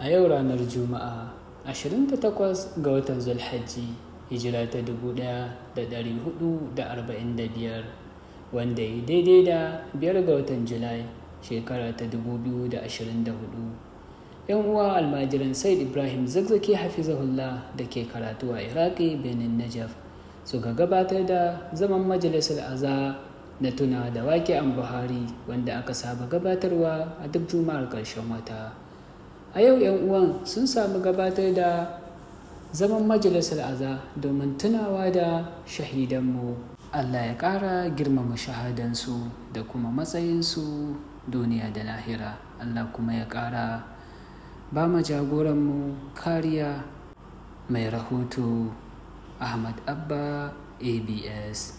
A yau ranar Juma'a 28 ga watan Zulhaji, hijira ta 1445 wanda ya daidai da biyar ga watan Julai shekara ta 2024. ‘Yan uwa almajiran Said Ibrahim zagzaki hafizahullah da ke karatu a Iraki Benin Najaf suka gabatar da zaman majalisar azahar na tuna da waƙi'an buhari wanda aka saba gabatarwa a duk juma'ar ƙarshen wata a yau 'yan uwan sun samu gabatar da zaman majalisar aza domin tunawa da shahidanmu allah ya ƙara girmama shahadansu da kuma matsayinsu duniya da lahira allah kuma ya ƙara ba ma jagoranmu kariya mai rahoto ahmad abba abs